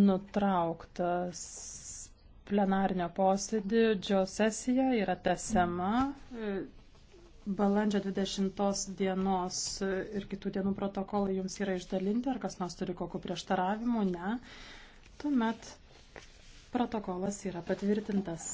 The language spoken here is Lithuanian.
nutrauktas plenarinio posėdžio sesija yra tesiama e, balandžio 20 dienos e, ir kitų dienų protokolai jums yra išdalinti, ar kas nors turi kokiu prieštaravimu, ne. Tuomet protokolas yra patvirtintas.